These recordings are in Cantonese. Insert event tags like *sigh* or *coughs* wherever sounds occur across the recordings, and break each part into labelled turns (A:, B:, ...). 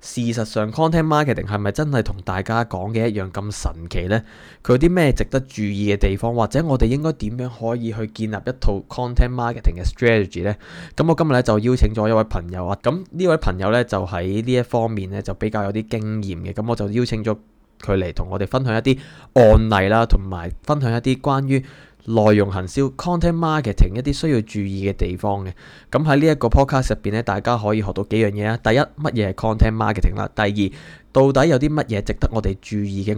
A: 事實上，content marketing 係咪真係同大家講嘅一樣咁神奇呢？佢有啲咩值得注意嘅地方，或者我哋應該點樣可以去建立一套 content marketing 嘅 strategy 呢？咁我今日咧就邀請咗一位朋友啊，咁呢位朋友呢，就喺呢一方面呢，就比較有啲經驗嘅，咁我就邀請咗佢嚟同我哋分享一啲案例啦，同埋分享一啲關於內容行銷 （content marketing） 一啲需要注意嘅地方嘅，咁喺呢一個 podcast 入邊咧，大家可以學到幾樣嘢啊！第一，乜嘢係 content marketing 啦？第二，到底有啲乜嘢值得我哋注意嘅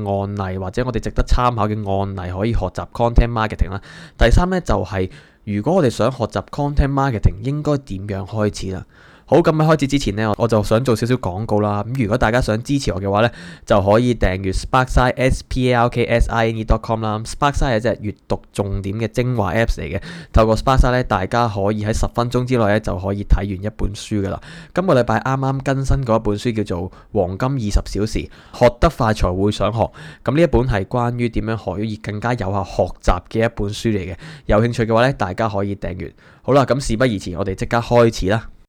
A: 案例，或者我哋值得參考嘅案例可以學習 content marketing 啦？第三咧，就係如果我哋想學習 content marketing，應該點樣開始啦？好，咁喺開始之前呢，我就想做少少廣告啦。咁如果大家想支持我嘅話呢，就可以訂閱 Sparksine. s p a r k s i n e. dot com 啦。Sparksine 係只閱讀重點嘅精華 Apps 嚟嘅。透過 Sparksine 咧,大家可以喺十分鐘之內咧就可以睇完一本書噶啦。今個禮拜啱啱更新嗰一本書叫做《黃金二十小時》，學得快才會想學。咁呢一本係關於點樣可以更加有效學習嘅一本書嚟嘅。有興趣嘅話呢，大家可以訂閱。好啦，咁事不宜遲，我哋即刻開始啦。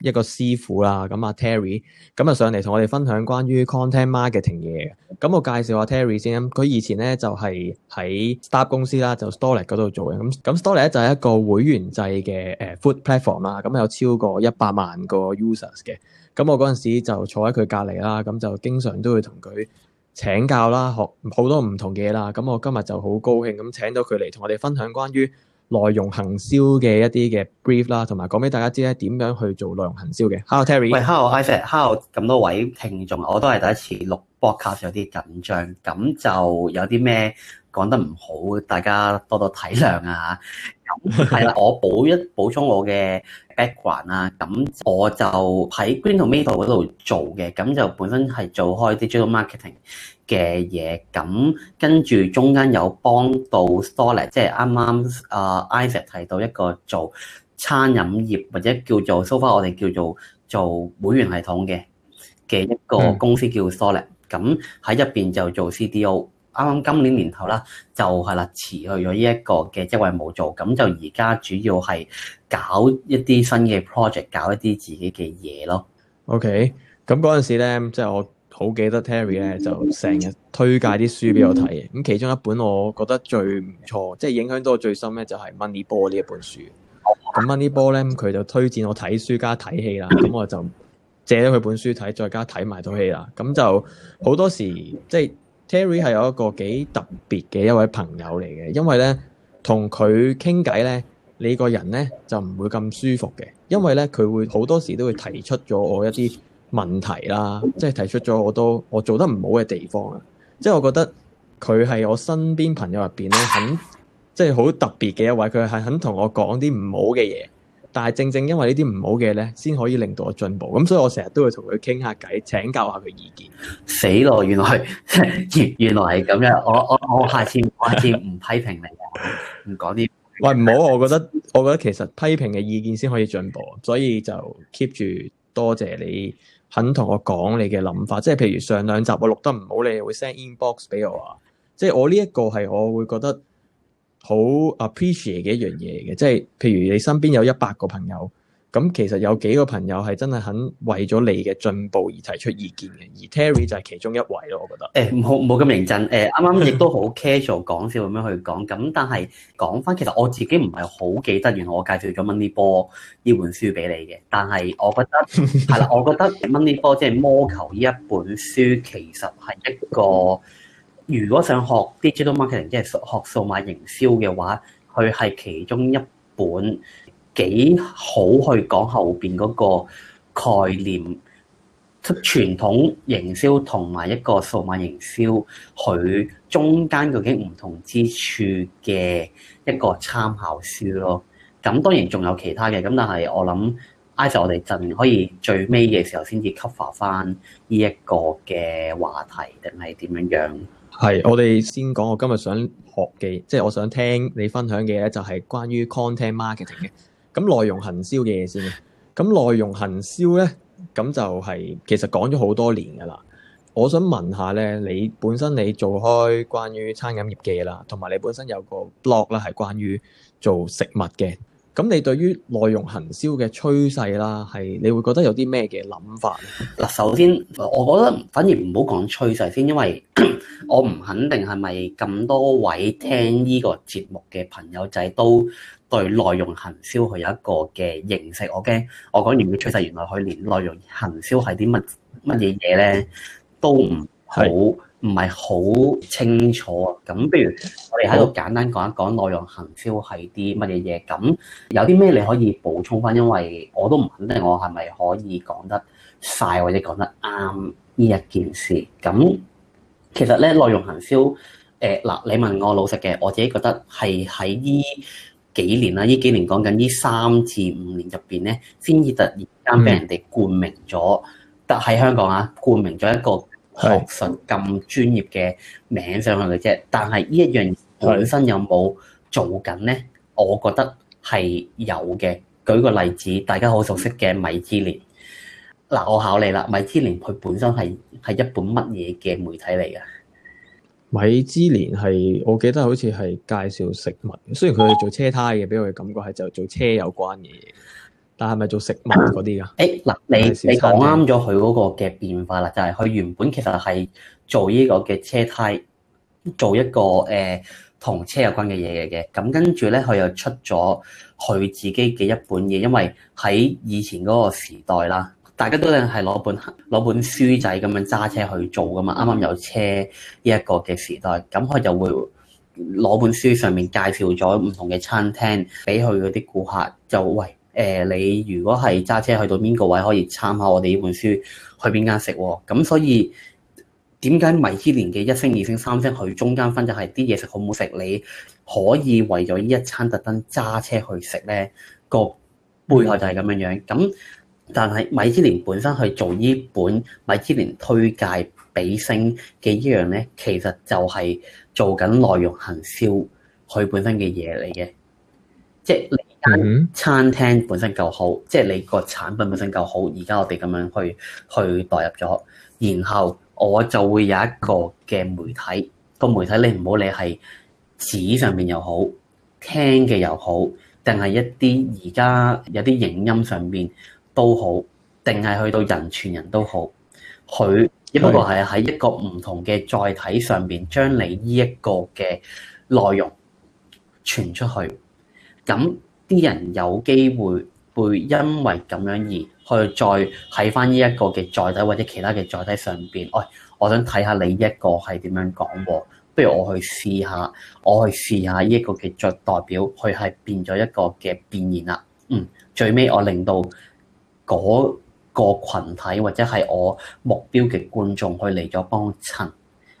A: 一個師傅啦，咁阿 Terry，咁啊就上嚟同我哋分享關於 content marketing 嘢嘅。咁我介紹下 Terry 先，咁佢以前呢就係喺 Star 公司啦，就 Story 嗰度做嘅。咁咁 Story 咧就係一個會員制嘅誒 food platform 啦，咁有超過一百萬個 users 嘅。咁我嗰陣時就坐喺佢隔離啦，咁就經常都會同佢請教啦，學好多唔同嘅嘢啦。咁我今日就好高興，咁請到佢嚟同我哋分享關於內容行銷嘅一啲嘅 brief 啦，同埋講俾大家知咧，點樣去做內容行銷嘅。Hello Terry，喂，Hello Hi，Hello 咁多位聽眾，我都係第一次錄 broadcast，有啲緊張，
B: 咁就有啲咩講得唔好，大家多多體諒啊。係啦， *laughs* 我補一補充我嘅 background 啊，咁我就喺 Green Tomato 嗰度做嘅，咁就本身係做開 digital marketing 嘅嘢。咁跟住中間有幫到 Solid，即係啱啱阿 Isaac 提到一個做餐飲業或者叫做 SoFar，我哋叫做做會員系統嘅嘅一個公司叫 Solid，嗯。咁喺入邊就做 CDO。啱啱今年年頭啦，就係啦，辭去咗呢一個嘅職位冇做，咁就而
A: 家主要係搞一啲新嘅 project，搞一啲自己嘅嘢咯。OK，咁嗰陣時咧，即係我好記得 Terry 咧，就成日推介啲書俾我睇。咁其中一本我覺得最唔錯，即係影響到我最深咧，就係 Moneyball 呢一本書。咁 Moneyball 咧，佢就推薦我睇書加睇戲啦。咁我就借咗佢本書睇，再加睇埋套戲啦。咁就好多時即係。Terry 係有一個幾特別嘅一位朋友嚟嘅，因為咧同佢傾偈咧，你個人咧就唔會咁舒服嘅，因為咧佢會好多時都會提出咗我一啲問題啦，即係提出咗好多我做得唔好嘅地方啊，即係我覺得佢係我身邊朋友入邊咧，即很即係好特別嘅一位，佢係肯同我講啲唔好嘅嘢。但係正正因為呢啲唔好嘅咧，先可以令到我進步。咁所以我成日都會同佢傾下偈，請教下佢意見。
B: 死咯！原來係，原原
A: 來係咁樣。我我我下次我下次唔批評你，唔講啲。喂，唔好！我覺得我覺得其實批評嘅意見先可以進步。所以就 keep 住多謝你肯同我講你嘅諗法。即係譬如上兩集我錄得唔好，你會 send inbox 俾我啊。即係我呢一個係我會覺得。好 appreciate 嘅一樣嘢嘅，即係譬如你身邊有一百個朋友，咁其實有幾個朋友係真係肯為咗你嘅進步而提出意見嘅，而 Terry 就係其中一位咯，我覺得。誒，冇冇咁認
B: 真，誒、欸、啱啱亦都好 casual 講笑咁樣去講，咁但係講翻，其實我自己唔係好記得，原來我介紹咗 m o n 掹啲波呢本書俾你嘅，但係我覺得係啦， *laughs* 我覺得 m o n 掹啲波即係魔球呢一本書，其實係一個。 *laughs* 如果想學 digital marketing，即係學數碼營銷嘅話，佢係其中一本幾好去講後邊嗰個概念。即傳統營銷同埋一個數碼營銷，佢中間究竟唔同之處嘅一個參考書咯。咁當然仲有其他嘅咁，但係我諗 Iset，我哋陣可以最尾
A: 嘅時候先至 cover 返呢一個嘅話題，定係點樣樣？係，我哋先講我今日想學嘅，即係我想聽你分享嘅咧，就係關於 content marketing 嘅，咁內容行銷嘅嘢先。咁內容行銷咧，咁就係其實講咗好多年噶啦。我想問下咧，你本身你做開關於餐飲業嘅嘢啦，同埋你本身有個 blog 啦，係關於做食物嘅。咁你對於內容行銷嘅趨勢啦，係你會覺得有啲咩嘅諗法嗱，首先我覺得反而唔好講趨勢先，因為 *coughs* 我唔
B: 肯定係咪咁多位聽呢個節目嘅朋友仔都對內容行銷佢有一個嘅認識。我驚我講完嘅趨勢，原來佢連內容行銷係啲乜乜嘢嘢咧，都唔好。唔係好清楚啊！咁，譬如我哋喺度簡單講一講內容行銷係啲乜嘢嘢。咁有啲咩你可以補充翻？因為我都唔肯定我係咪可以講得晒，或者講得啱呢一件事。咁其實咧，內容行銷誒嗱，你問我老實嘅，我自己覺得係喺呢幾年啦，呢幾年講緊呢三至五年入邊咧，先至突然間俾人哋冠名咗，但喺、嗯、香港啊，冠名咗一個。是學術咁專業嘅名上去嘅啫，但係呢一樣本身有冇做緊呢？我覺得係有嘅。舉個例子，大家好熟悉嘅米芝蓮，嗱，
A: 我考你啦，米芝蓮佢本身係係一本乜嘢嘅媒體嚟㗎？米芝蓮係，我記得好似係介紹食物，雖然佢係做車胎嘅，俾我嘅感覺係就做車有關嘅嘢。但係咪做食物嗰啲噶？誒嗱、啊，你你講啱咗
B: 佢嗰個嘅變化啦，就係、是、佢原本其實係做呢個嘅車胎，做一個誒同、欸、車有關嘅嘢嘅。咁跟住咧，佢又出咗佢自己嘅一本嘢，因為喺以前嗰個時代啦，大家都一定係攞本攞本書仔咁樣揸車去做噶嘛。啱啱有車呢一個嘅時代，咁佢就會攞本書上面介紹咗唔同嘅餐廳俾佢嗰啲顧客就，就喂。誒、呃，你如果係揸車去到邊個位，可以參考我哋呢本書去邊間食喎、啊？咁所以點解米芝蓮嘅一星、二星、三星，佢中間分就係啲嘢食好唔好食？你可以為咗呢一餐特登揸車去食呢，個背後就係咁樣樣。咁但係米芝蓮本身去做呢本米芝蓮推介比星嘅一樣呢，其實就係做緊內容行銷，佢本身嘅嘢嚟嘅。即係你間餐廳本身夠好，mm hmm. 即係你個產品本身夠好。而家我哋咁樣去去代入咗，然後我就會有一個嘅媒體、個媒體。你唔好理係紙上面又好，聽嘅又好，定係一啲而家有啲影音上面都好，定係去到人傳人都好。佢、mm hmm. 也不過係喺一個唔同嘅載體上面，將你呢一個嘅內容傳出去。咁啲人有機會會因為咁樣而去再睇返呢一個嘅載體或者其他嘅載體上邊，喂、哎，我想睇下你一個係點樣講喎？不如我去試下，我去試下呢一個嘅代表，佢係變咗一個嘅變現啦。嗯，最尾我令到嗰個羣體或者係我目標嘅觀眾去嚟咗幫襯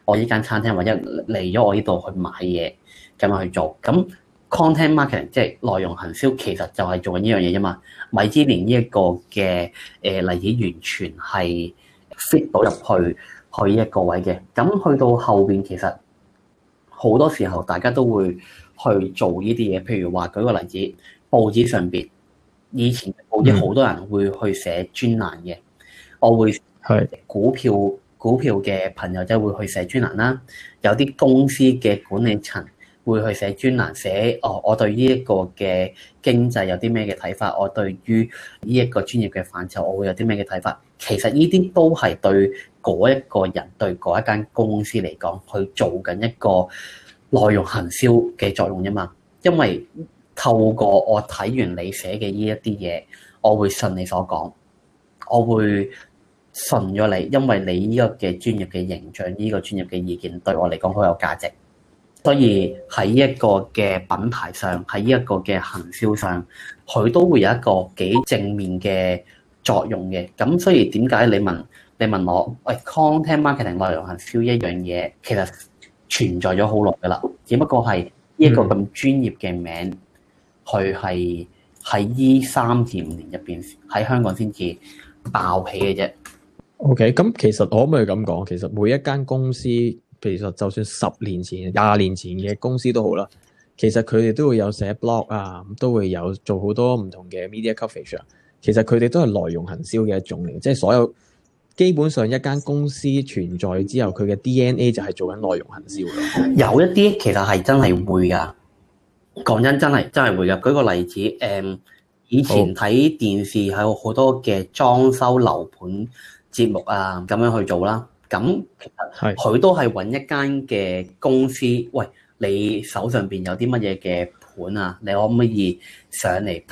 B: 我呢間餐廳，或者嚟咗我呢度去買嘢咁樣去做，咁。Content marketing 即係內容行銷，其實就係做緊呢樣嘢啫嘛。米芝蓮呢一個嘅誒例子，完全係 fit 到入去去一個位嘅。咁去到後邊，其實好多時候，大家都會去做呢啲嘢。譬如話舉個例子，報紙上邊以前報紙好多人會去寫專欄嘅，嗯、我會去股票是股票嘅朋友仔會去寫專欄啦。有啲公司嘅管理層。會去寫專欄寫，寫哦，我對呢一個嘅經濟有啲咩嘅睇法？我對於呢一個專業嘅範疇，我會有啲咩嘅睇法？其實呢啲都係對嗰一個人、對嗰一間公司嚟講，去做緊一個內容行銷嘅作用啫嘛。因為透過我睇完你寫嘅呢一啲嘢，我會信你所講，我會信咗你，因為你呢個嘅專業嘅形象，呢、呢個專業嘅意見對我嚟講好有價值。所以喺依一個嘅品牌上，喺依一個嘅行銷上，佢都會有一個幾正面嘅作用嘅。咁所以點解你問你問我，喂、哎，content marketing 內容行銷一樣嘢，其實存在咗好耐噶啦，只不過係一個咁專業嘅名，佢
A: 係喺依三至五年入邊，喺香港先至爆起嘅啫。OK，咁其實可唔可以咁講？其實每一間公司其實就算十年前、廿年前嘅公司都好啦，其實佢哋都會有寫 blog 啊，都會有做好多唔同嘅 media coverage 啊。其實佢哋都係內容行銷嘅一種嚟，即係所有基本上一間公司存在之後，佢嘅 DNA 就係做緊內容行銷。有
B: 一啲其實係真係會噶，講真真係真係會噶。舉個例子，誒、嗯、以前睇電視係好多嘅裝修樓盤節目啊，咁樣去做啦。咁其實佢都係揾一間嘅公司，喂，你手上邊有啲乜嘢嘅盤啊？你可唔可以上嚟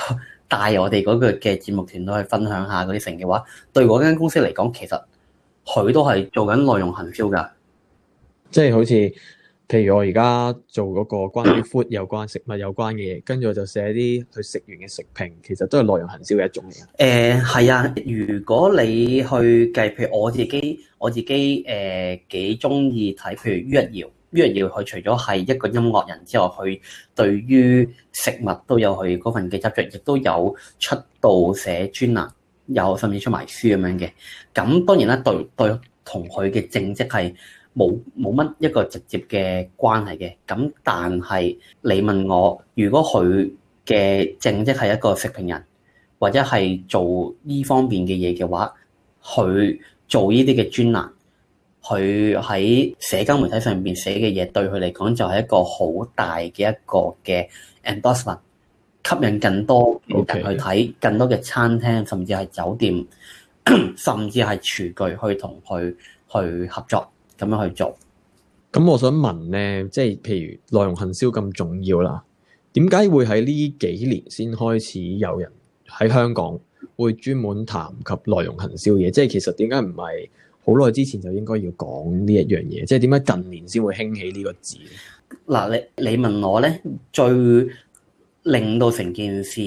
B: 帶我哋嗰個嘅節目團隊去分享下嗰啲成嘅話？對嗰間公
A: 司嚟講，其實佢都係做緊內容行銷㗎，即係好似。譬如我而家做嗰個關於 food 有關食物有關嘅嘢，跟住我就寫啲去食完嘅食評，其實都係內容行銷嘅一種嚟。誒係、呃、啊，如果你
B: 去計，譬如我自己，我自己誒幾中意睇，譬如于逸堯，于逸堯佢除咗係一個音樂人之外，佢對於食物都有佢嗰份嘅執着，亦都有出道寫專欄，有甚至出埋書咁樣嘅。咁當然啦，對對同佢嘅正職係。冇冇乜一個直接嘅關係嘅，咁，但係你問我，如果佢嘅正職係一個食評人，或者係做呢方面嘅嘢嘅話，佢做呢啲嘅專欄，佢喺社交媒體上面寫嘅嘢，對佢嚟講就係一個好大嘅一個嘅 endorsement，吸引更多人去睇更多嘅餐廳，甚至係酒店， *coughs* 甚
A: 至係廚具去同佢去合作。咁樣去做，咁我想問咧，即係譬如內容行銷咁重要啦，點解會喺呢幾年先開始有人喺香港會專門談及內容行銷嘢？即係其實點解唔係好耐之前就應該要講呢一樣嘢？即係點解近年先會興起呢個字？嗱，你你問我咧，最令到成
B: 件事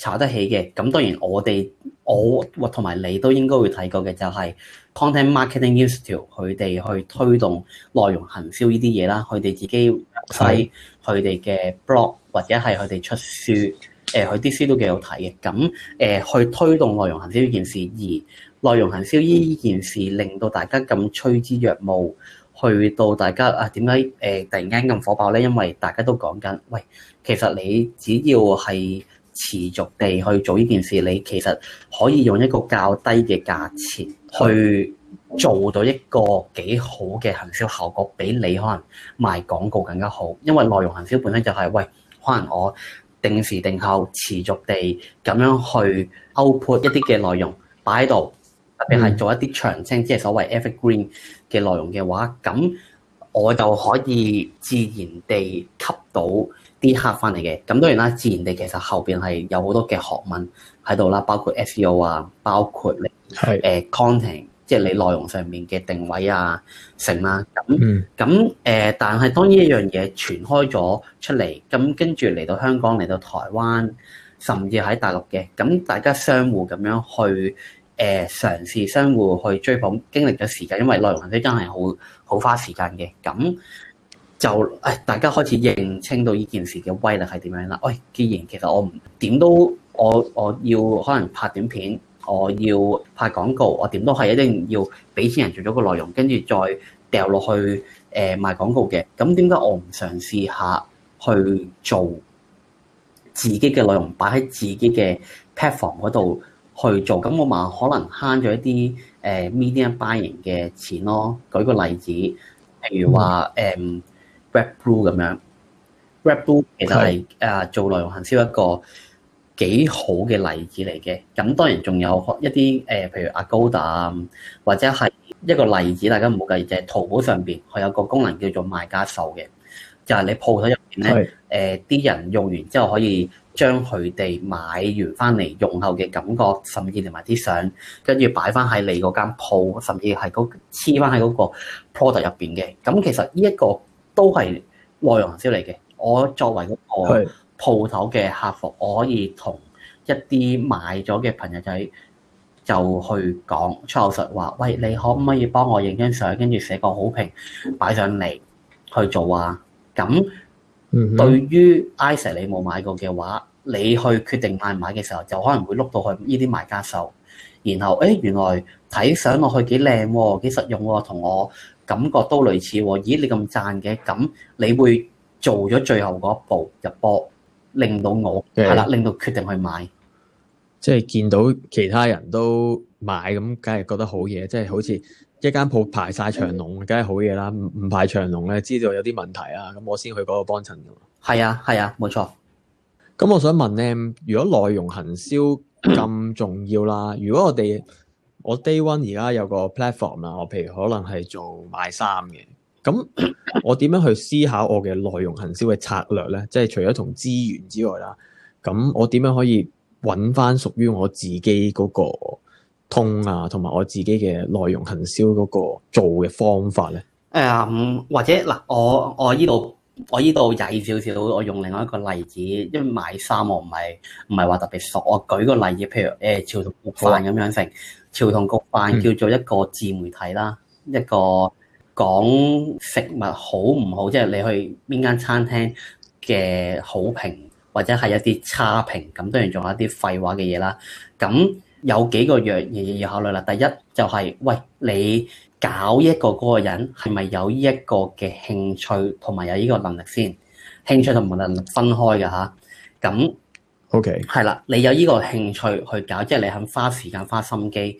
B: 炒得起嘅，咁，當然我哋我同埋你都應該會睇過嘅，就係 content marketing institute 佢哋去推動內容行銷呢啲嘢啦。佢哋自己使，佢哋嘅 blog 或者係佢哋出書，誒佢啲書都幾好睇嘅。咁誒、呃、去推動內容行銷呢件事，而內容行銷呢件事令到大家咁趨之若鶩，去到大家啊，點解誒突然間咁火爆咧？因為大家都講緊，喂，其實你只要係。持續地去做呢件事，你其實可以用一個較低嘅價錢去做到一個幾好嘅行銷效果，比你可能賣廣告更加好。因為內容行銷本身就係、是，喂，可能我定時定候持續地咁樣去 output 一啲嘅內容擺喺度，特別係做一啲長青，即係所謂 Evergreen 嘅內容嘅話，咁我就可以自然地吸到啲客翻嚟嘅，咁當然啦，自然地其實後邊係有好多嘅學問喺度啦，包括 SEO 啊，包括你誒是的、uh, content，即係你內容上面嘅定位啊、成啦、啊，咁咁誒，嗯、但係、uh, 當呢一樣嘢傳開咗出嚟，咁跟住嚟到香港、嚟到台灣，甚至喺大陸嘅，咁大家相互咁樣去誒、uh, 嘗試，相互去追捧，經歷咗時間，因為內容呢真係好好花時間嘅，咁。就誒、哎，大家開始認清到呢件事嘅威力係點樣啦。喂、哎，既然其實我唔點都，我我要可能拍短片，我要拍廣告，我點都係一定要俾錢人做咗個內容，跟住再掉落去誒、呃、賣廣告嘅。咁點解我唔嘗試下去做自己嘅內容，擺喺自己嘅 platform 嗰度去做？咁我咪可能慳咗一啲誒、呃、medium buying 嘅錢咯。舉個例子，譬如話誒。嗯 Wrap Blue 咁樣，Wrap Blue 其實係啊做內容行銷一個幾好嘅例子嚟嘅。咁當然仲有一啲誒，譬如 Agoda 啊，或者係一個例子，大家唔好介意，就係。淘寶上邊佢有個功能叫做賣家秀嘅，就係、是、你鋪頭入邊咧誒啲人用完之後可以將佢哋買完翻嚟用後嘅感覺，甚至同埋啲相，跟住擺翻喺你嗰間鋪，甚至係黐翻喺嗰個 product 入邊嘅。咁其實呢、這、一個都係內容行銷嚟嘅。我作為嗰個鋪頭嘅客服，我可以同一啲買咗嘅朋友仔就去講出口術，話：喂，你可唔可以幫我影張相，跟住寫個好評擺上嚟去做啊？咁對於 Iset 你冇買過嘅話，你去決定買唔買嘅時候，就可能會碌到去呢啲賣家秀，然後誒、欸、原來睇相落去幾靚喎，幾實用喎，同我。感覺都類似喎，咦？你咁讚嘅，咁你會做咗最後嗰一步入波，令到我係啦的，令
A: 到決定去買。即係見到其他人都買，咁梗係覺得好嘢。即係好似一間鋪排晒長龍，梗係好嘢啦。唔排長龍咧，知道有啲問題啊，咁我先去嗰度幫襯。係啊，係啊，冇錯。咁我想問咧，如果內容行銷咁重要啦， *coughs* 如果我哋？我 day one 而家有個 platform 啦，我譬如可能係做買衫嘅咁，我點樣去思考我嘅內容行銷嘅策略咧？即係除咗同資源之外啦，咁我點樣可以揾翻屬於我自己嗰個通啊，同埋我自己嘅內容行銷嗰個做嘅方法咧？
B: 誒、嗯，或者嗱，我我依度我依度曳少少，我用另外一個例子，因為買衫我唔係唔係話特別熟，我舉個例子，譬如誒、欸、朝頭早飯咁樣食。潮童局辦叫做一個自媒體啦，嗯、一個講食物好唔好，即、就、係、是、你去邊間餐廳嘅好評或者係一啲差評，咁當然仲有一啲廢話嘅嘢啦。咁有幾個樣嘢要考慮啦。第一就係、是、喂，你搞一個嗰個人係咪有呢一個嘅興趣同埋有呢個能力先？興趣同埋能力分開嘅嚇，咁。O.K. 係啦，你有呢個興趣去搞，即係你肯花時間花心機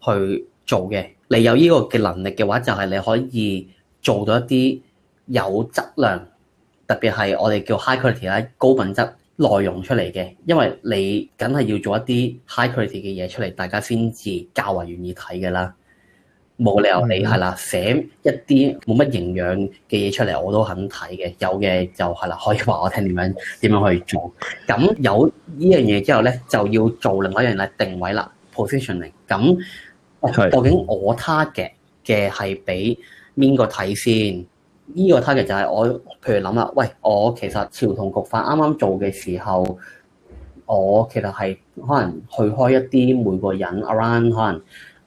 B: 去做嘅。你有呢個嘅能力嘅話，就係你可以做到一啲有質量，特別係我哋叫 high quality 啦，高品質內容出嚟嘅。因為你梗係要做一啲 high quality 嘅嘢出嚟，大家先至較為願意睇嘅啦。冇理由你係啦，寫一啲冇乜營養嘅嘢出嚟我都肯睇嘅。有嘅就係啦，可以話我聽點樣點樣去做。咁有呢樣嘢之後咧，就要做另外一樣嘅定位啦，positioning。咁究竟我 target 嘅係俾邊個睇先？呢個 target 就係我，譬如諗下：喂，我其實朝同局發啱啱做嘅時候，我其實係可能去開一啲每個人 around 可能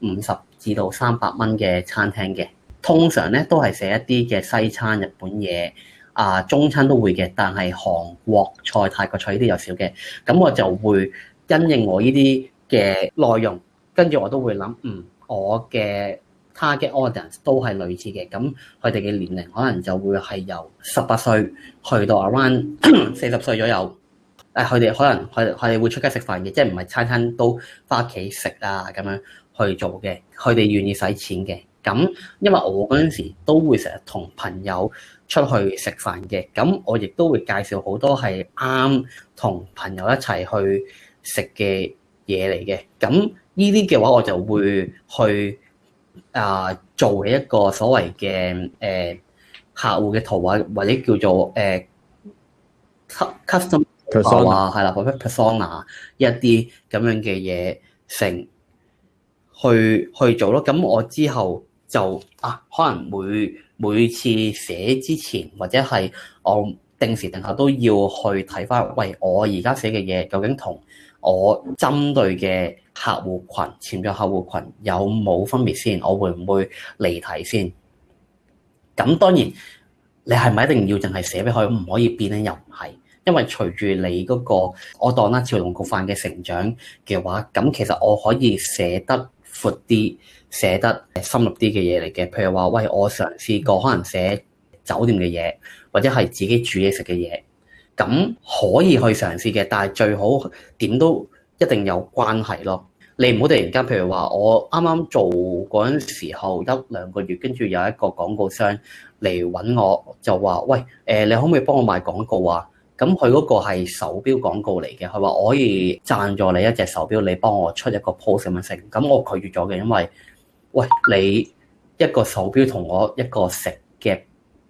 B: 五十。至到三百蚊嘅餐廳嘅，通常咧都係寫一啲嘅西餐、日本嘢啊、中餐都會嘅，但係韓國菜、泰國菜呢啲又少嘅。咁我就會因應我呢啲嘅內容，跟住我都會諗，嗯，我嘅 target audience 都係類似嘅，咁佢哋嘅年齡可能就會係由十八歲去到 around 四十歲左右。誒，佢哋可能佢佢哋會出街食飯嘅，即係唔係餐餐都翻屋企食啊咁樣。去做嘅，佢哋願意使錢嘅。咁因為我嗰陣時都會成日同朋友出去食飯嘅，咁我亦都會介紹好多係啱同朋友一齊去食嘅嘢嚟嘅。咁呢啲嘅話，我就會去啊，做一個所謂嘅誒、呃、客戶嘅圖畫，或者叫做誒 custom 啊，係、呃、啦 Persona 一啲咁樣嘅嘢性。成去去做咯，咁我之後就啊，可能每每次寫之前或者係我定時定候都要去睇翻，喂，我而家寫嘅嘢究竟同我針對嘅客戶群、潛在客戶群有冇分別先？我會唔會離題先？咁當然，你係咪一定要淨係寫俾佢？唔可以變咧，又唔係，因為隨住你嗰個，我當啦朝龍焗飯嘅成長嘅話，咁其實我可以寫得。闊啲寫得誒深入啲嘅嘢嚟嘅，譬如話喂，我嘗試過可能寫酒店嘅嘢，或者係自己煮嘢食嘅嘢，咁可以去嘗試嘅。但係最好點都一定有關係咯。你唔好突然間，譬如話我啱啱做嗰陣時候一兩個月，跟住有一個廣告商嚟揾我，就話喂誒，你可唔可以幫我賣廣告啊？咁佢嗰個係手錶廣告嚟嘅，佢話我可以贊助你一隻手錶，你幫我出一個 post 咁樣成，咁我拒絕咗嘅，因為喂，你一個手錶同我一個食嘅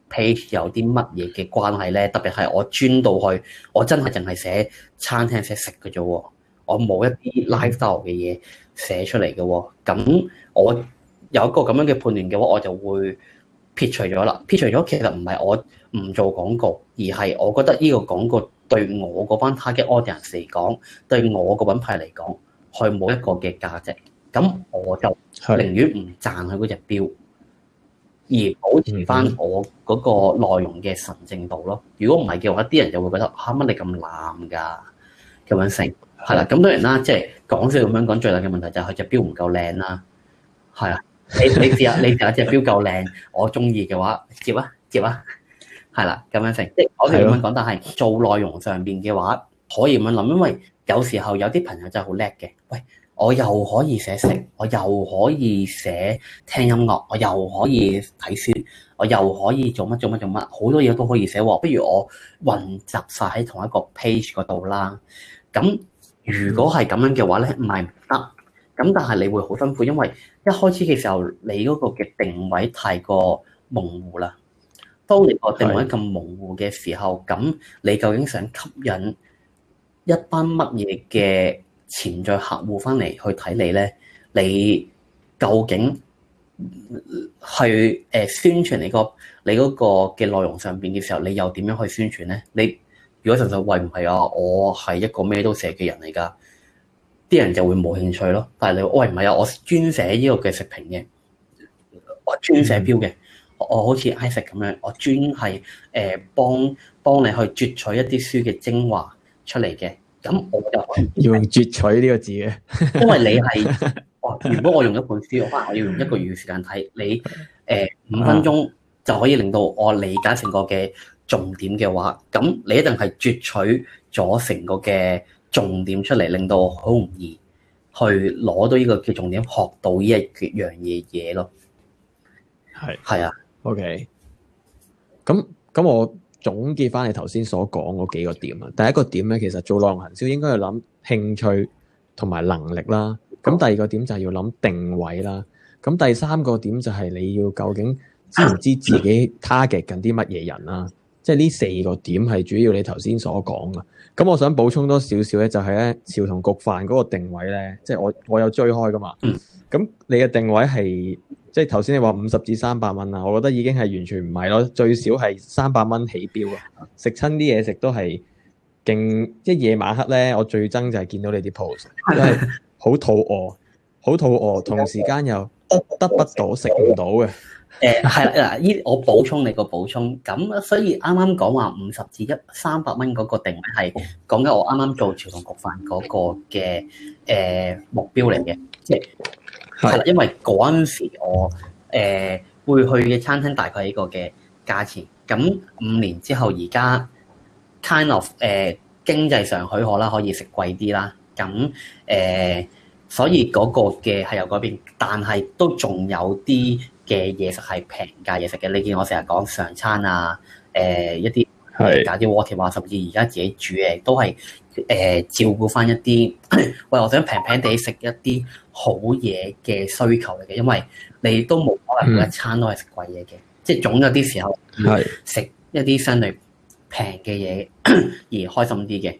B: page 有啲乜嘢嘅關係呢？特別係我專到去，我真係淨係寫餐廳寫食嘅啫喎，我冇一啲 lifestyle 嘅嘢寫出嚟嘅喎，咁我有一個咁樣嘅判斷嘅話，我就會。撇除咗啦，撇除咗其實唔係我唔做廣告，而係我覺得呢個廣告對我嗰班 target audience 嚟講，對我個品牌嚟講，係冇一個嘅價值。咁我就寧願唔賺佢嗰隻標，的而保持翻我嗰個內容嘅神正度咯。嗯，嗯如果唔係嘅話，啲人就會覺得嚇乜你咁濫㗎，咁樣成係啦。咁的的當然啦，即係講笑咁樣講，最大嘅問題就係佢隻標唔夠靚啦，係啊。你 *laughs* 你試一下，你試一下隻表夠靚，我中意嘅話接啊接啊，係啦，咁樣成。即我哋咁樣講，的但係做內容上邊嘅話，可以咁樣諗，因為有時候有啲朋友真係好叻嘅。喂，我又可以寫食，我又可以寫聽音樂，我又可以睇書，我又可以做乜做乜做乜，好多嘢都可以寫喎。不如我混集晒喺同一個 page 嗰度啦。咁如果係咁樣嘅話咧，唔係唔得。咁但係你會好辛苦，因為一開始嘅時候，你嗰個嘅定位太過模糊啦。當你個定位咁模糊嘅時候，咁的你究竟想吸引一班乜嘢嘅潛在客戶翻嚟去睇你呢？你究竟去誒宣傳你個你嗰個嘅內容上邊嘅時候，你又點樣去宣傳呢？你如果純粹，喂，唔係啊，我係一個咩都寫嘅人嚟噶。啲人就會冇興趣咯，但係你，喂唔係啊！我專寫呢個嘅食評嘅，我專寫標嘅，我好似 I 食咁樣，我專係誒、呃、幫幫你去攫取一啲書嘅精華出嚟嘅，咁我就
A: 用攫取呢個字嘅， *laughs* 因為你係、
B: 哦、如果我用一本書，我可能我要用一個月嘅時間睇你誒、呃、五分鐘就可以令到我理解成個嘅重點嘅話，咁你一定係攫取咗成個嘅。重點出嚟，令到我好容易去攞到呢個叫重點，學到呢一樣
A: 嘢嘢咯。係係是啊，OK。咁咁，我總結翻你頭先所講嗰幾個點啊。第一個點咧，其實做網路行銷應該要諗興趣同埋能力啦。咁第二個點就係要諗定位啦。咁第三個點就係你要究竟知唔知自己 target 緊啲乜嘢人啦、啊。 *coughs* 即係呢四個點係主要你頭先所講啊。咁我想補充多少少咧，就係咧，潮童焗飯嗰個定位咧，即係我我有追開噶嘛。咁、嗯、你嘅定位係即係頭先你話五十至三百蚊啊，我覺得已經係完全唔係咯，最少係三百蚊起標啊！食親啲嘢食都係勁，即係夜晚黑咧，我最憎就係見到你啲 post，真係好肚餓，好肚餓，同時間又得，得不到食唔到嘅。誒係啦，嗱依 *laughs* 我補充你個補充，咁
B: 所以啱啱講話五十至一三百蚊嗰個定位係講緊我啱啱做朝同焗飯嗰個嘅誒目標嚟嘅，即係係啦，因為嗰陣時我誒、呃、會去嘅餐廳大概係呢個嘅價錢，咁五年之後而家 kind of 誒、呃、經濟上許可啦，可以食貴啲啦，咁誒、呃、所以嗰個嘅係有改變，但係都仲有啲嘅嘢食係平價嘢食嘅，你見我成日講上餐啊，誒、呃、一啲搞啲 water 啊，甚至而家自己煮嘅都係誒、呃、照顧返一啲，喂，我想平平地食一啲好嘢嘅需求嚟嘅，因為你都冇可能每一餐都係食貴嘢嘅，是即係總有啲時候食是一啲相對平嘅嘢而開心啲嘅。
A: 是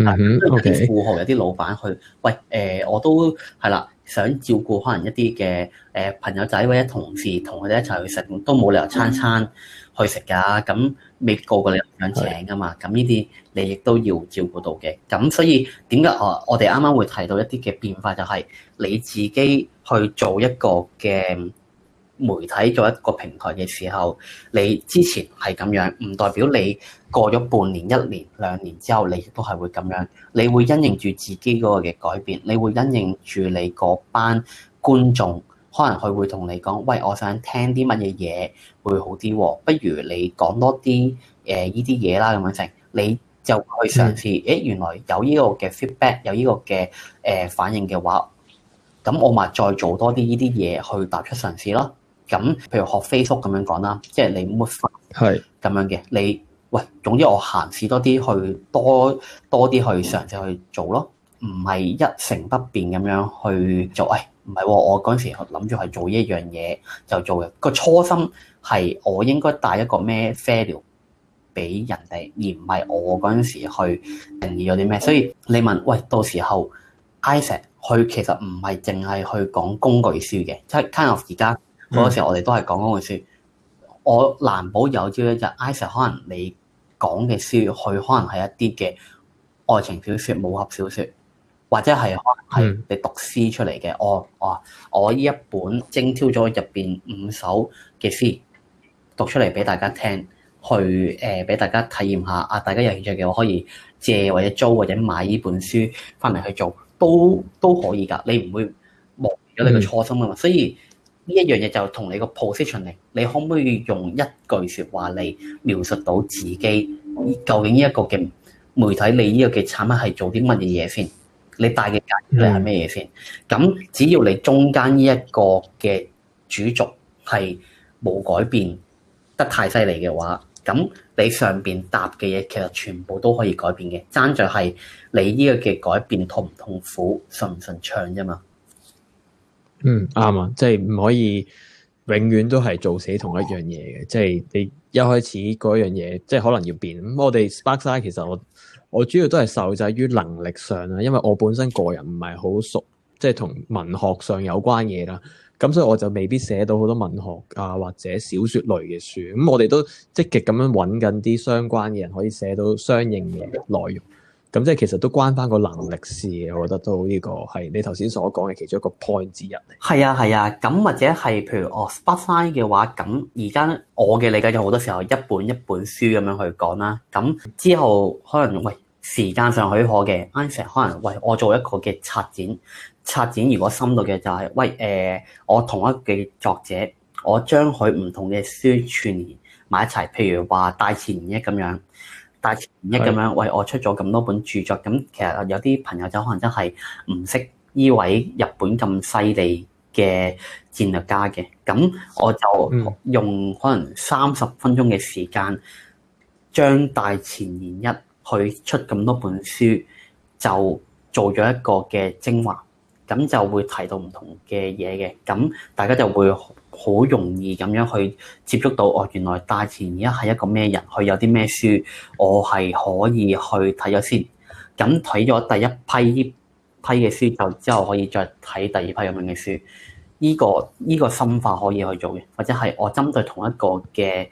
A: 嗯哼，啲、okay、富
B: 豪有啲老闆去，喂，誒、呃、我都係啦。想照顧可能一啲嘅誒朋友仔或者同事，同佢哋一齊去食，都冇理由餐餐去食㗎。咁未個個你咁樣想請㗎嘛？咁呢啲你亦都要照顧到嘅。咁所以點解我我哋啱啱會提到一啲嘅變化，就係你自己去做一個嘅。媒體做一個平台嘅時候，你之前係咁樣，唔代表你過咗半年、一年、兩年之後，你亦都係會咁樣。你會因應住自己嗰個嘅改變，你會因應住你嗰班觀眾，可能佢會同你講：「喂，我想聽啲乜嘢嘢會好啲，不如你講多啲誒呢啲嘢啦，咁、呃、樣成，你就去嘗試，誒、嗯、原來有呢個嘅 feedback，有呢個嘅誒反應嘅話，咁我咪再做多啲呢啲嘢去踏出嘗試咯。咁，譬如學 Facebook 咁樣講啦，即係你冇法咁樣嘅。是你喂，總之我行事多啲去，多多啲去嘗試去做咯，唔係一成不變咁樣去做。唉，唔係喎，我嗰陣時諗住係做呢一樣嘢就做嘅。個初心係我應該帶一個咩 failure 俾人哋，而唔係我嗰陣時去定義咗啲咩。所以你問喂，到時候 Isaac 佢其實唔係淨係去講工具書嘅，即係 kind of 而家。嗰、嗯、個時候，我哋都係講嗰本書。我難保有朝一日，Isaac 可能你講嘅書，佢可能係一啲嘅愛情小説、武俠小説，或者係可能係你讀詩出嚟嘅、嗯哦。我我我呢一本精挑咗入邊五首嘅詩讀出嚟俾大家聽，去誒俾、呃、大家體驗下。啊，大家有興趣嘅我可以借或者租或者買呢本書翻嚟去做，都都可以㗎。你唔會忘咗你嘅初心啊嘛，嗯、所以。呢一樣嘢就同你個 position 嚟，你可唔可以用一句説話，嚟描述到自己究竟呢一個嘅媒體你呢個嘅產品係做啲乜嘢嘢先？你帶嘅價值係咩嘢先？咁、嗯、只要你中間呢一個嘅主軸係冇改變得太犀利嘅話，咁你上邊搭嘅嘢其實全部都可以改變嘅。爭在係
A: 你呢個嘅改變痛唔痛苦，順唔順暢啫嘛。信嗯，啱啊，即係唔可以永遠都係做死同一樣嘢嘅，即係你一開始嗰樣嘢，即係可能要變。咁、嗯、我哋 Sparks 其實我我主要都係受制於能力上啦，因為我本身個人唔係好熟，即係同文學上有關嘢啦，咁所以我就未必寫到好多文學啊或者小說類嘅書。咁、嗯、我哋都積極咁樣揾緊啲相關嘅人可以寫到相應嘅內容。咁即係其實都關翻個能力事嘅，我覺得都呢個係你頭先所講嘅其中一個 point 之一。嚟，係啊
B: 係啊，咁、啊、或者係譬如哦，筆翻嘅話，咁而家我嘅理解就好多時候一本一本書咁樣去講啦。咁之後可能喂時間上許可嘅，啱成可能喂我做一個嘅策展。策展如果深度嘅就係、是、喂誒、呃，我同一個作者，我將佢唔同嘅書串埋一齊，譬如話大前一咁樣。大前年一咁樣，的喂，我出咗咁多本著作，咁其實有啲朋友就可能真係唔識呢位日本咁犀利嘅戰略家嘅，咁我就用可能三十分鐘嘅時間，將大前年一去出咁多本書就做咗一個嘅精華，咁就會提到唔同嘅嘢嘅，咁大家就會好容易咁樣去接觸到哦，原來大前而家係一個咩人，佢有啲咩書，我係可以去睇咗先。咁睇咗第一批批嘅書，就之後可以再睇第二批咁樣嘅書。呢、這個依、這個深化可以去做嘅，或者係我針對同一個嘅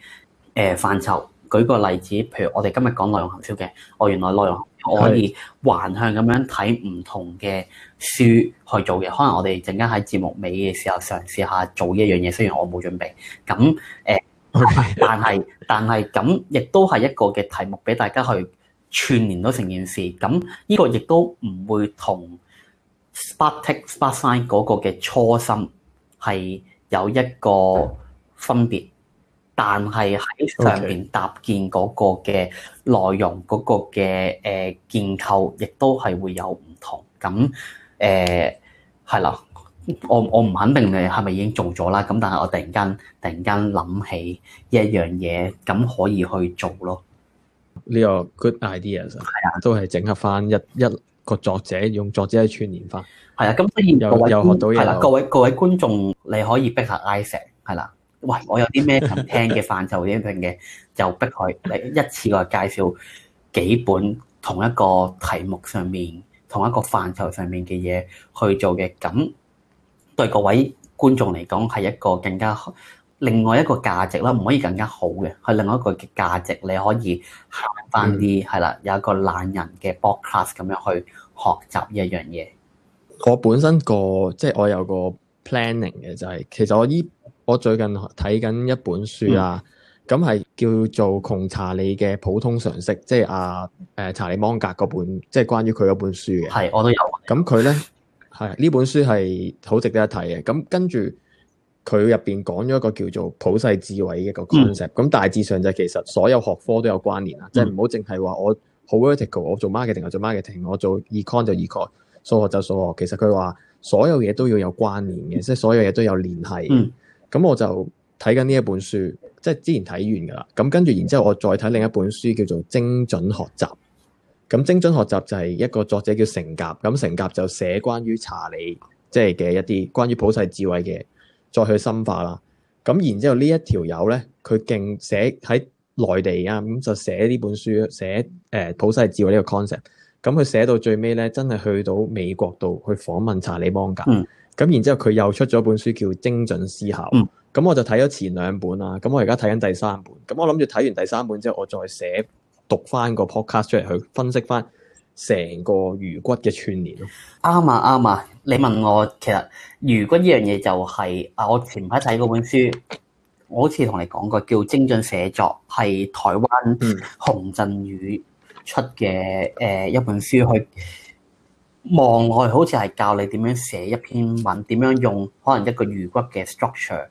B: 誒範疇。舉個例子，譬如我哋今日講內容行銷嘅，我原來內容可以橫向咁樣睇唔同嘅書去做嘅，可能我哋陣間喺節目尾嘅時候嘗試下做一樣嘢，雖然我冇準備，咁誒，但係 *laughs* 但係咁亦都係一個嘅題目俾大家去串聯到成件事，咁呢個亦都唔會同 Spark Sparkside 嗰個嘅初心係有一個分別。但係喺上邊搭建嗰個嘅內容，嗰個嘅誒建構，亦都係會有唔同。咁誒係啦，我我唔肯定你係咪已經做咗啦。咁但係我突然間突然間諗起一樣嘢，咁可以去做咯。
A: 呢個 good idea 啊，係啊，都係整合翻一一個作者用作者去串聯翻，係啊。咁所以各位係啦，各位
B: 各位觀眾，你可以逼下 ISE 係啦。喂，我有啲咩想聽嘅範疇啲嘅， *laughs* 就逼佢一次過介紹幾本同一個題目上面、同一個範疇上面嘅嘢去做嘅。咁對各位觀眾嚟講係一個更加另外一個價值啦，唔可以更加好嘅係、嗯、另外一個嘅價值，你可以行翻啲係啦，有一個懶人嘅 book class 咁樣
A: 去學習一樣嘢。我本身個即係、就是、我有個 planning 嘅就係、是，其實我依我最近睇緊一本書啊，咁係叫做《窮查理嘅普通常識》，即係阿誒查理芒格嗰本，即係關於佢嗰本書嘅。係，我都有。咁佢呢係呢本書係好值得一睇嘅。咁跟住佢入邊講咗一個叫做普世智慧嘅一個 concept。咁、嗯、大致上就係其實所有學科都有關聯啊，即係唔好淨係話我好 vertical，我做 marketing 我做 marketing，我做 econ 就 econ，數學就數學。其實佢話所有嘢都要有關聯嘅，即係所有嘢都有聯繫。嗯。咁我就睇緊呢一本書，即係之前睇完噶啦。咁跟住，然之後我再睇另一本書，叫做《精準學習》。咁精準學習就係、是、一個作者叫成甲，咁成甲就寫關於查理，即係嘅一啲關於普世智慧嘅，再去深化啦。咁然之後呢一條友咧，佢勁寫喺內地啊，咁就寫呢本書，寫誒普世智慧呢個 concept。咁佢寫到最尾咧，真係去到美國度去訪問查理芒格。嗯。咁然之後佢又出咗本書叫《精準思考》，咁、嗯、我就睇咗前兩本啦。咁我而家睇緊第三本，咁我諗住睇完第三本之後，我再寫讀翻個 Podcast 出嚟，去分析翻成個魚骨嘅串聯咯。啱啊啱啊！嗯、你問我，其實魚骨呢樣嘢就
B: 係、是、啊，我前排睇嗰本書，我好似同你講過，叫《精準寫作》，係台灣洪震宇出嘅誒、呃、一本書去。望落去好似係教你點樣寫一篇文，點樣用可能一個魚骨嘅 structure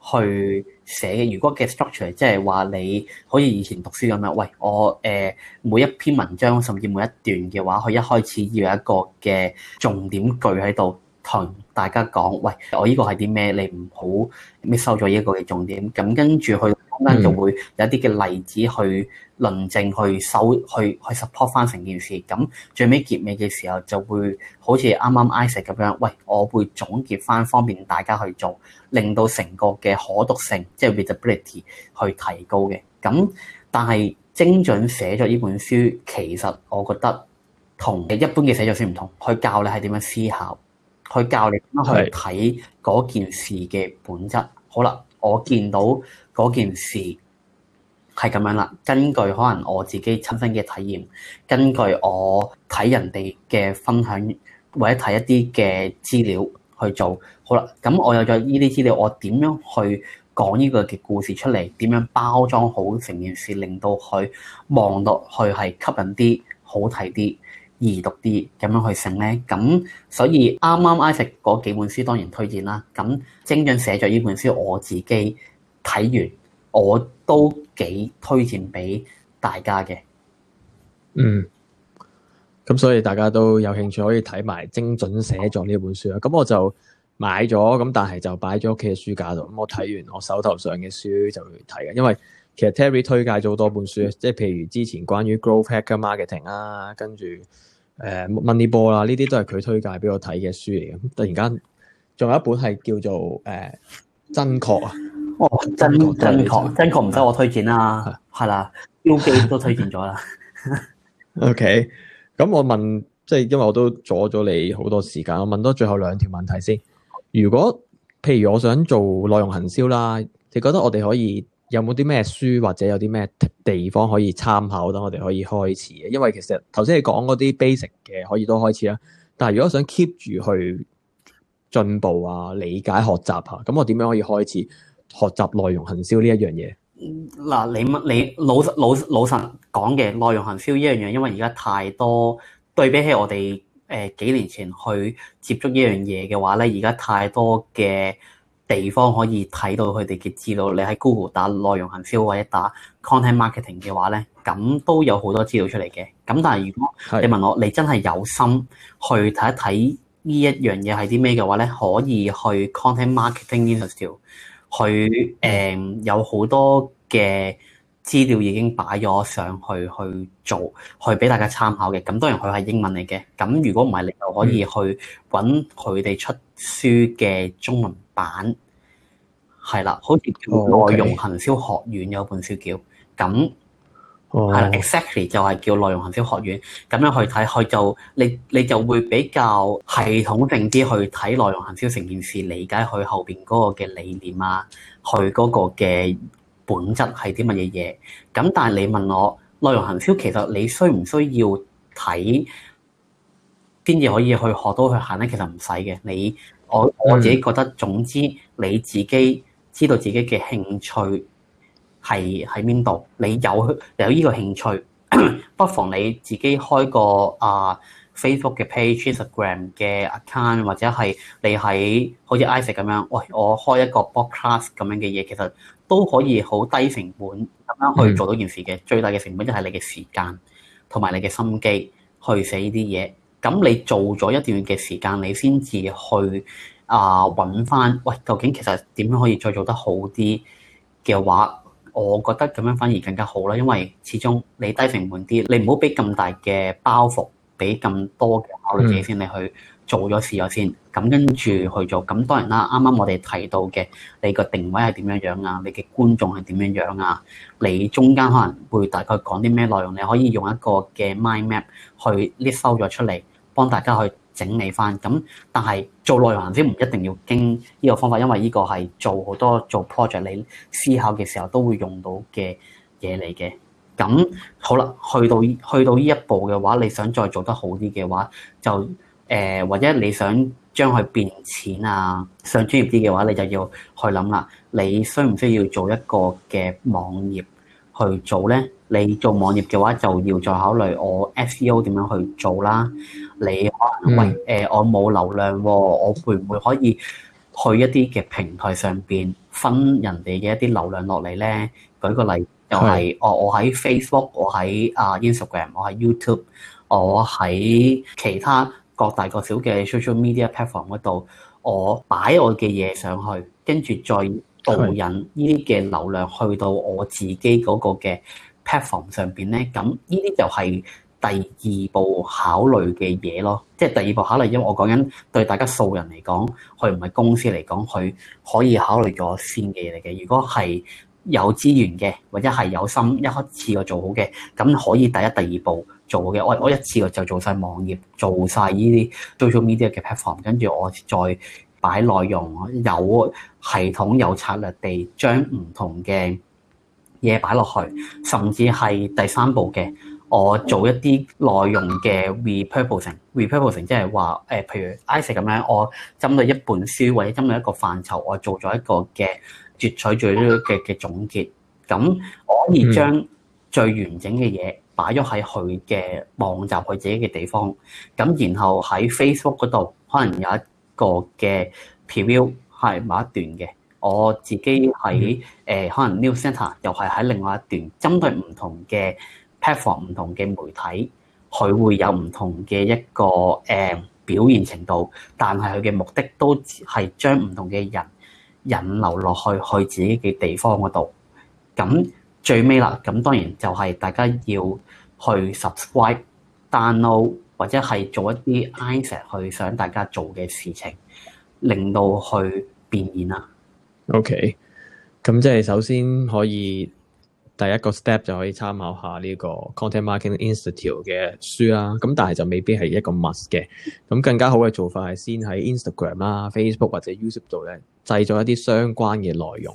B: 去寫。魚骨嘅 structure 即係話你，好似以前讀書咁樣。喂，我誒、呃、每一篇文章甚至每一段嘅話，佢一開始要有一個嘅重點句喺度同大家講。喂，我呢個係啲咩？你唔好 miss 收咗呢個嘅重點。咁跟住去。咁咧、嗯、就會有一啲嘅例子去論證，去收，去去 support 翻成件事。咁最尾結尾嘅時候就會好似啱啱 i s 咁樣，喂，我會總結翻，方便大家去做，令到成個嘅可讀性，即係 readability 去提高嘅。咁但係精準寫作呢本書，其實我覺得同一般嘅寫作書唔同，去教你係點樣思考，去教你點樣去睇嗰件事嘅本質。好啦。我見到嗰件事係咁樣啦，根據可能我自己親身嘅體驗，根據我睇人哋嘅分享或者睇一啲嘅資料去做，好啦，咁我有咗呢啲資料，我點樣去講呢個嘅故事出嚟？點樣包裝好成件事，令到佢望落去係吸引啲、好睇啲？易讀啲咁樣去成咧，咁所以啱啱 Ivy 嗰幾本書當然推薦啦。咁《精準寫作》呢本書我自己睇完，我都幾
A: 推薦俾大家嘅。嗯，咁所以大家都有興趣可以睇埋《精準寫作》呢本書啦。咁我就買咗，咁但係就擺咗屋企嘅書架度。咁我睇完我手頭上嘅書就睇嘅，因為。其實 Terry 推介咗好多本書，即係譬如之前關於 growth hacker marketing 啊，跟住誒 Moneyball 啦，呢啲都係佢推介俾我睇嘅書嚟嘅。突然間仲有一本係叫做誒、呃、真確啊，哦
B: 真真確確真
A: 確唔使我推薦啦，係啦標都推薦咗啦。 *laughs* *laughs* OK，咁我問，即、嗯、係因為我都阻咗你好多時間，我問多最後兩條問題先。如果譬如我想做內容行銷啦，你覺得我哋可以有冇啲咩書或者有啲咩地方可以參考，等我哋可以開始嘅？因為其實頭先你講嗰啲 basic 嘅可以都開始啦。但係如果想 keep 住去進步啊、理解學習啊，咁我點樣可以開始學習內容行銷呢一樣嘢？
B: 嗱，你你老老老實講嘅內容行銷呢樣嘢，因為而家太多對比起我哋誒、呃、幾年前去接觸呢樣嘢嘅話咧，而家太多嘅。地方可以睇到佢哋嘅資料，你喺 Google 打內容行銷或者打 content marketing 嘅話咧，咁都有好多資料出嚟嘅。咁但係如果你問我，的你真係有心去睇一睇呢一樣嘢係啲咩嘅話咧，可以去 content marketing institute，佢誒、呃、有好多嘅。資料已經擺咗上去去做，去俾大家參考嘅。咁當然佢係英文嚟嘅。咁如果唔係，你就可以去揾佢哋出書嘅中文版，係啦、嗯，好似叫《內容行銷學院》，Okay。有本書叫咁，
A: 係啦、Oh，Exactly
B: 就係叫內容行銷學院，咁樣去睇，佢就你你就會比較系統性啲去睇內容行銷成件事，理解佢後邊嗰個嘅理念啊，佢嗰個嘅。本質係啲乜嘢嘢咁，但係你問我內容行銷其實你需唔需要睇邊嘢可以去學到去行咧？其實唔使嘅。你我我自己覺得總之你自己知道自己嘅興趣係喺邊度，你有你有呢個興趣， *coughs* 不妨你自己開個啊、uh, Facebook 嘅 page、Instagram 嘅 account，或者係你喺好似 Iset 咁樣，喂、哎、我開一個 book class 咁樣嘅嘢，其實。都可以好低成本咁樣去做到件事嘅，嗯、最大嘅成本就，就係你嘅時間同埋你嘅心機去寫呢啲嘢。咁你做咗一段嘅時間，你先至去啊揾翻喂，究竟其實點樣可以再做得好啲嘅話，我覺得咁樣反而更加好啦，因為始終你低成本啲，你唔好俾咁大嘅包袱，俾咁多嘅考慮者先你去。做咗事咗先，咁跟住去做。咁當然啦，啱啱我哋提到嘅你個定位係點樣樣啊，你嘅觀眾係點樣樣啊？你中間可能會大概講啲咩內容，你可以用一個嘅 mind map 去 list out 咗出嚟，幫大家去整理翻。咁但係做內容行先唔一定要經呢個方法，因為呢個係做好多做 project 你思考嘅時候都會用到嘅嘢嚟嘅。咁好啦，去到去到呢一步嘅話，你想再做得好啲嘅話，就誒或者你想將佢變錢啊，想專業啲嘅話，你就要去諗啦。你需唔需要做一個嘅網頁去做呢？你做網頁嘅話，就要再考慮我 SEO 點樣去做啦。你可能喂誒、呃，我冇流量喎、哦，我會唔會可以去一啲嘅平台上邊分人哋嘅一啲流量落嚟呢？舉個例，就係我我喺 Facebook，我喺啊 Instagram，我喺 YouTube，我喺其他。各大各小嘅 social media platform 嗰度，我擺我嘅嘢上去，跟住再導引呢啲嘅流量去到我自己嗰個嘅 platform 上邊咧，咁呢啲就係第二步考慮嘅嘢咯。即係第二步考慮，因為我講緊對大家素人嚟講，佢唔係公司嚟講，佢可以考慮咗先嘅嘢嚟嘅。如果係有資源嘅，或者係有心一開始就做好嘅，咁可以第一、第二步。做嘅，我我，一次我就做晒網頁，做晒呢啲 social media 嘅 platform，跟住我再擺內容，有系統有策略地將唔同嘅嘢擺落去，甚至係第三步嘅我做一啲內容嘅 repurposing，repurposing 即係話誒，譬如 i s e 咁樣，我針對一本書或者針對一個範疇，我做咗一個嘅截取最嘅嘅總結，咁我可以將最完整嘅嘢。擺咗喺佢嘅網站，佢自己嘅地方。咁然後喺 Facebook 嗰度，可能有一個嘅 preview 係某一段嘅。我自己喺誒可能 New Center 又係喺另外一段，針對唔同嘅 platform、唔同嘅媒體，佢會有唔同嘅一個誒表現程度。但係佢嘅目的都係將唔同嘅人引流落去去自己嘅地方嗰度。咁。最尾啦，咁當然就係大家要去 subscribe、download 或者係做一啲 insert 去想大家做嘅事情，令到去變現
A: 啦。OK，咁即係首先可以第一個 step 就可以參考下呢個 Content Marketing Institute 嘅書啦。咁但係就未必係一個 must 嘅。咁更加好嘅做法係先喺 Instagram 啦、Facebook 或者 YouTube 度咧製作一啲相關嘅內容。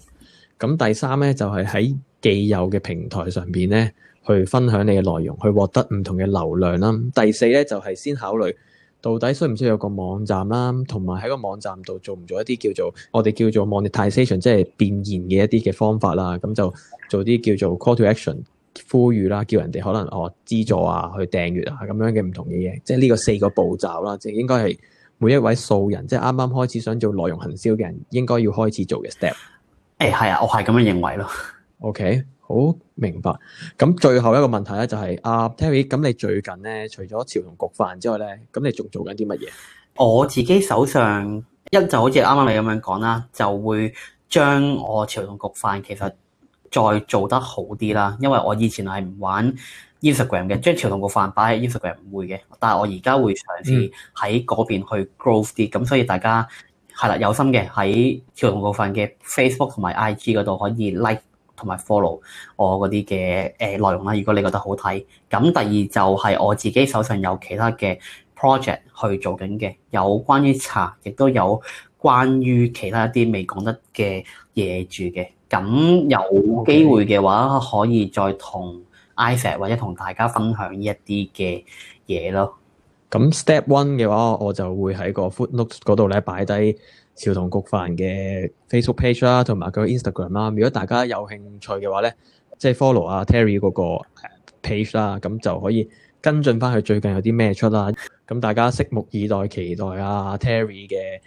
A: 咁第三咧就係、是、喺既有嘅平台上邊咧，去分享你嘅內容，去獲得唔同嘅流量啦。第四咧就係先考慮到底需唔需要有個網站啦，同埋喺個網站度做唔做一啲叫做我哋叫做 monetization 即係變現嘅一啲嘅方法啦。咁就做啲叫做 call to action，呼籲啦，叫人哋可能哦資助啊，去訂閱啊咁樣嘅唔同嘅嘢。即係呢個四個步驟啦，即係應該係每一位素人即係啱啱開始想做內容行銷嘅人應該要開始做嘅 step。誒，係啊，我係咁樣認為咯。O.K. 好明白。咁最後一個問題咧、就是，就係阿 Terry，咁你最近咧，除咗潮童焗飯之外咧，咁你仲做緊啲乜嘢？我自己手上一就好似啱啱你咁樣講啦，就
B: 會將我潮童焗飯其實再做得好啲啦。因為我以前係唔玩 Instagram 嘅，將潮童焗飯擺喺 Instagram 唔會嘅，但係我而家會嘗試喺嗰邊去 growth 啲。咁、嗯、所以大家係啦，有心嘅喺潮童焗飯嘅 Facebook 同埋 I.G 嗰度可以 like。同埋 follow 我嗰啲嘅誒內容啦，如果你覺得好睇，咁第二就係我自己手上有其他嘅 project 去做緊嘅，有關於茶，亦都有關於其他一啲未講得嘅嘢住嘅，咁有機會嘅話可以再
A: 同 Ivan 或者同大家分享一啲嘅嘢咯。咁 Step One 嘅話，我就會喺個 Footnote 嗰度咧擺低。潮同焗飯嘅 Facebook page 啦、啊，同埋佢 Instagram 啦、啊。如果大家有興趣嘅話咧，即係 follow 啊 Terry 嗰個 page 啦、啊，咁就可以跟進翻佢最近有啲咩出啦。咁大家拭目以待，期待啊 Terry 嘅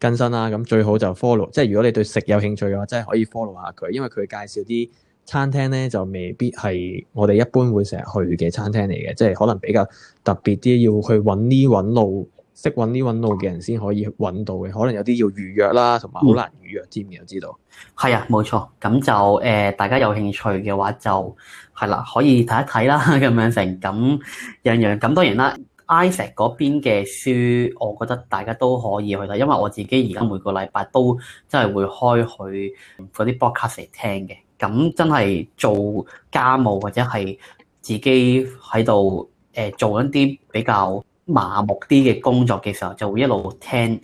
A: 更新啦、啊。咁最好就 follow，即係如果你對食有興趣嘅話，真係可以 follow 下佢，因為佢介紹啲餐廳咧，就未必係我哋一般會成日去嘅餐廳嚟嘅，即係可能比較特別啲，要去揾呢揾路。識搵啲搵路嘅人先可以搵到嘅，可能有啲要預約啦，同埋好難預約，mm. 知唔知知道。係啊，冇錯。咁就誒、呃，大家有興趣嘅話就
B: 係啦，可以睇一睇啦，咁樣成。咁樣樣咁，當然啦，Isaac 嗰邊嘅書，我覺得大家都可以去睇，因為我自己而家每個禮拜都真係會開佢嗰啲 broadcast 嚟聽嘅。咁真係做家務或者係自己喺度誒做一啲比較。麻木啲嘅工作嘅時候，就會一路聽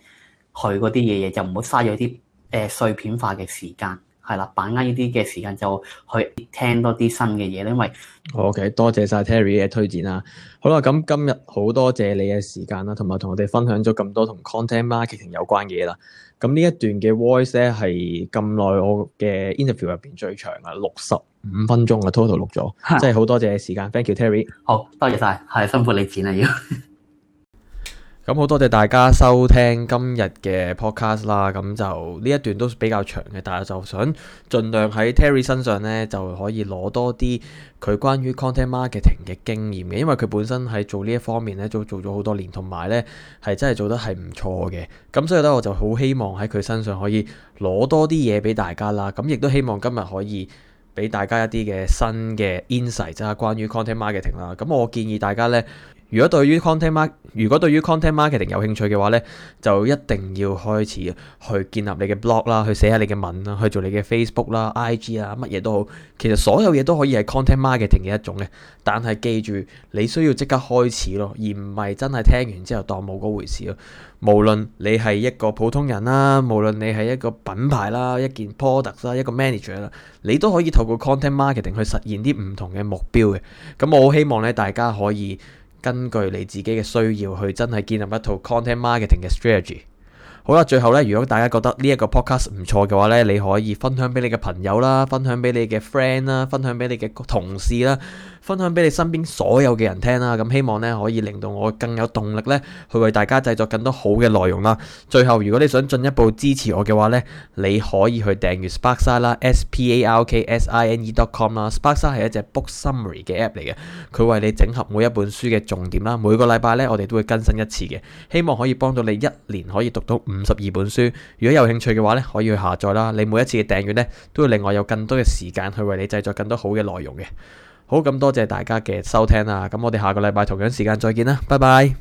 B: 佢嗰啲嘢嘢，就唔好嘥咗啲誒碎片化嘅時間，係啦，把握呢啲嘅時間就去聽多啲新嘅嘢。因
A: 為 O、okay, K，多謝晒 Terry 嘅推薦啦、啊。好啦，咁今日好多謝你嘅時間啦、啊，同埋同我哋分享咗咁多同 content marketing 有關嘅嘢啦。咁呢一段嘅 voice 咧係咁耐我嘅 interview 入邊最長嘅、啊，六十五分鐘啊，total 錄咗，的真係好多謝你時間的，thank you Terry。好多謝晒，係辛苦你剪啦要。 *laughs* 咁好多謝大家收聽今日嘅 podcast 啦，咁就呢一段都比較長嘅，但係就想盡量喺 Terry 身上呢，就可以攞多啲佢關於 content marketing 嘅經驗嘅，因為佢本身喺做呢一方面呢都做咗好多年，同埋呢係真係做得係唔錯嘅，咁所以呢，我就好希望喺佢身上可以攞多啲嘢俾大家啦，咁亦都希望今日可以俾大家一啲嘅新嘅 insight 啊，關於 content marketing 啦，咁我建議大家呢。如果對於 content market, content marketing 有興趣嘅話呢就一定要開始去建立你嘅 blog 啦，去寫下你嘅文啦，去做你嘅 Facebook 啦、IG 啊，乜嘢都好。其實所有嘢都可以係 content marketing 嘅一種呢。但係記住你需要即刻開始咯，而唔係真係聽完之後當冇嗰回事咯。無論你係一個普通人啦，無論你係一個品牌啦、一件 product 啦、一個 manager 啦，你都可以透過 content marketing 去實現啲唔同嘅目標嘅。咁我好希望咧，大家可以。根據你自己嘅需要，去真係建立一套 content marketing 嘅 strategy。好啦，最後咧，如果大家覺得呢一個 podcast 唔錯嘅話咧，你可以分享俾你嘅朋友啦，分享俾你嘅 friend 啦，分享俾你嘅同事啦。分享俾你身邊所有嘅人聽啦，咁希望咧可以令到我更有動力咧去為大家製作更多好嘅內容啦。最後，如果你想進一步支持我嘅話咧，你可以去訂閱 Sparksine 啦，s p a r k s i n e. com 啦。Sparksine 係一隻 book summary 嘅 app 嚟嘅，佢為你整合每一本書嘅重點啦。每個禮拜咧，我哋都會更新一次嘅，希望可以幫到你一年可以讀到五十二本書。如果有興趣嘅話咧，可以去下載啦。你每一次嘅訂閱咧，都會另外有更多嘅時間去為你製作更多好嘅內容嘅。好，咁多謝大家嘅收聽啦，咁我哋下個禮拜同樣時間再見啦，拜拜。